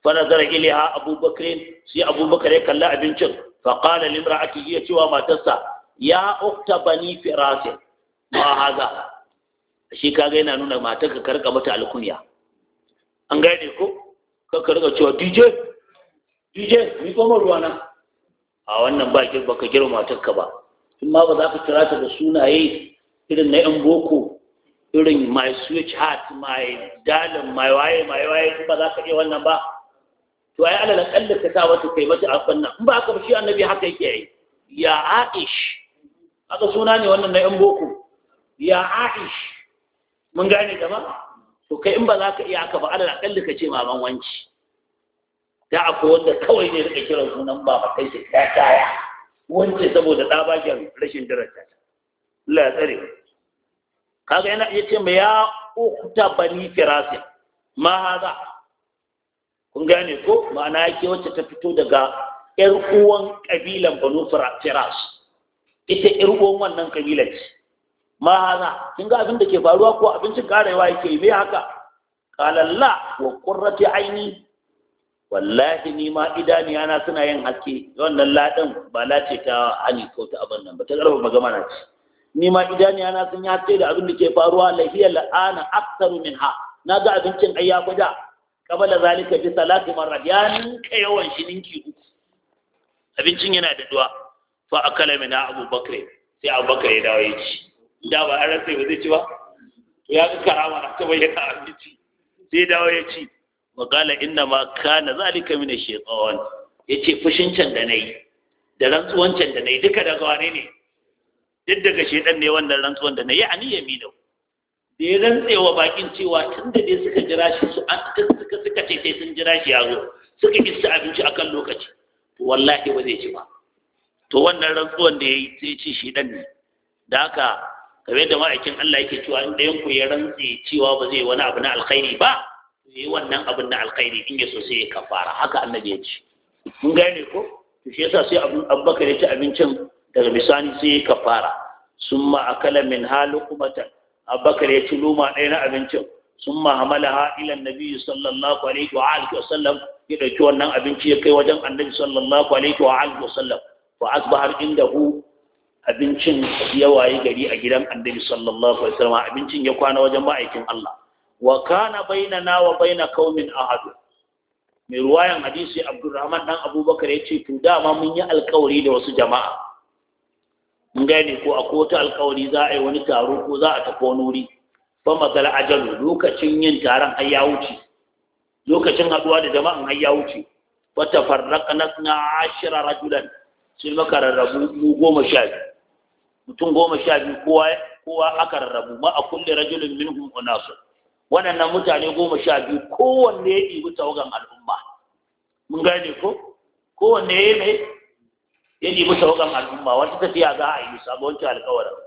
فنظر إليها abubakar بكر سي أبو بكر يكلا أبنشر فقال لامرأته ya شوى ما تسا يا أخت bani فراس ما هذا shi ka ga yana nuna matarka ka karka mata alkunya an gane ko ka karka cewa dj dj mi koma ruwana a wannan ba ki ka girma matarka ba in ma ba za ka kira ta da sunaye irin na yan boko irin my switch heart my darling my waye my waye ba za ka iya wannan ba to ai alal akalla ka sa wata kai mata abban nan in ba haka shi annabi haka yake yi ya aish aka suna ne wannan na yan boko ya aish mun gane da ba to kai in ba za ka iya ka ba alal akalla ka ce maman wanci da aka wanda kawai ne rika kiran sunan ba kai sai ta kaya wance saboda tsabagen rashin daraja Allah ya tsare kaga yana iya ce ma ya ukhta bani firasin ma hada kun gane ko ma'ana yake wacce ta fito daga ƴar uwan kabilan banu firas ita ƴar uwan wannan kabila ce ma kin ga abin da ke faruwa ko abincin karewa yake me haka qalalla wa qurrati aini wallahi ni ma idani ana suna yin haske wannan ladan ba ce ta ani ko ta abin nan ba ta karfa magana na ce ni ma idani ana sun yi haske da abin da ke faruwa lahiyal la'ana aktsaru minha na ga abincin ayya guda kabala zalika bi salati marrat ya ninka yawan shi ninki uku abincin yana da duwa fa akala min Abu Bakr sai Abu Bakr ya dawo ya ci da ba an rasa ba zai ci ba to ya ga karama na ta bayyana abinci sai dawo ya ci wa qala inna ma kana zalika min ash-shaytan yace fushin can da nayi da rantsuwan can da nayi duka daga wane ne duk daga shedan ne wannan rantsuwan da nayi ani yaminu da ya rantse wa bakin cewa tun da dai suka jira shi su an suka suka ce sai sun jira shi ya zo suka isa abinci akan lokaci to wallahi ba zai ci ba to wannan rantsuwan da yayi sai ci shi dan ne da haka kamar yadda ma'aikin Allah yake cewa in dayan ku ya rantse cewa ba zai wani abu na alkhairi ba to yi wannan abin na alkhairi in ya so sai ya kafara haka annabi ya ci mun gane ko to shi yasa sai abubakar ya ci abincin daga bisani sai ya kafara summa akala min halu kumatan abubakar ya ci luma ɗaya na abincin sun mahamala ha ilan nabi sallallahu alaihi wa alihi wa sallam ya ɗauki wannan abinci ya kai wajen annabi sallallahu alaihi wa alihi wa sallam fa asbahar hu abincin ya wayi gari a gidan annabi sallallahu alaihi wa sallam abincin ya kwana wajen ma'aikin Allah wa kana bainana wa baina qaumin ahad mai ruwayan hadisi abdurrahman dan abubakar ya ce to dama mun yi alkawari da wasu jama'a in gane ko a kotu alkawari za a yi wani taro ko za a tafi wani wuri ba matsala ajalu lokacin yin taron har ya wuce lokacin haɗuwa da jama'an har ya wuce wata farraka na na ashira rajulan sun maka rarrabu mu goma sha biyu mutum goma sha biyu kowa kowa aka rarrabu ma a kulle rajulun minhum unasu waɗannan mutane goma sha biyu kowanne ya ɗibi tawagan al'umma mun gane ko kowanne ya yi ya musu tawagan al'umma wata tafiya za a yi sabo wancan alkawarin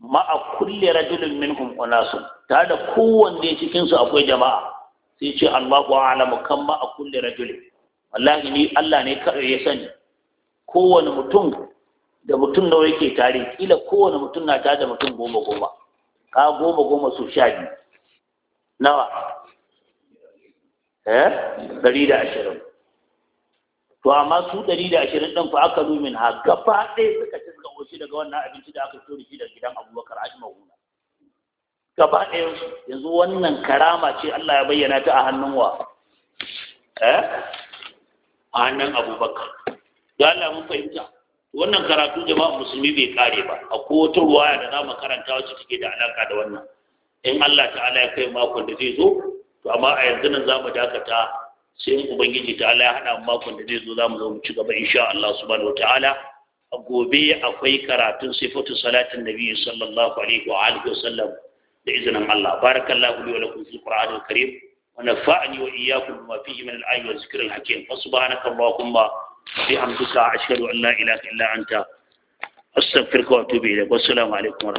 ma a kulle rajulun minhum unasun tare da kowanne cikin akwai jama'a sai ce Allahu a'lamu kan ma a kulle rajulun wallahi ni Allah ne kawai ya sani kowane mutum da mutum nawa yake tare kila kowane mutum na tare da mutum goma goma ka goma goma su sha biyu nawa eh da ashirin to amma su ɗari da ashirin ɗin fa aka lumin ha gaba ɗaya suka ci suka goshi daga wannan abinci da aka fito shi da gidan abubakar ajma'una gaba ɗaya yanzu wannan karama ce Allah ya bayyana ta a hannun wa eh a hannun abubakar da Allah mun fahimta wannan karatu jama'a musulmi bai kare ba a wata ruwaya da za mu karanta wacce take da alaka da wannan in Allah ta'ala ya kai makon da zai zo to amma a yanzu nan za mu dakata sai in ubangiji ta Allah ya haɗa makon da zai zo za mu zo mu ci gaba insha Allah subhanahu wataala gobe akwai karatun sifatu salatin nabi sallallahu alaihi wa alihi wasallam da izinin Allah barakallahu li wa lakum fil qur'anil karim wa nafa'ani wa iyyakum bima fihi min al-ayati wa dhikril hakim wa subhanaka allahumma bihamdika ashhadu an la ilaha illa anta astaghfiruka wa atubu ilayk wassalamu alaikum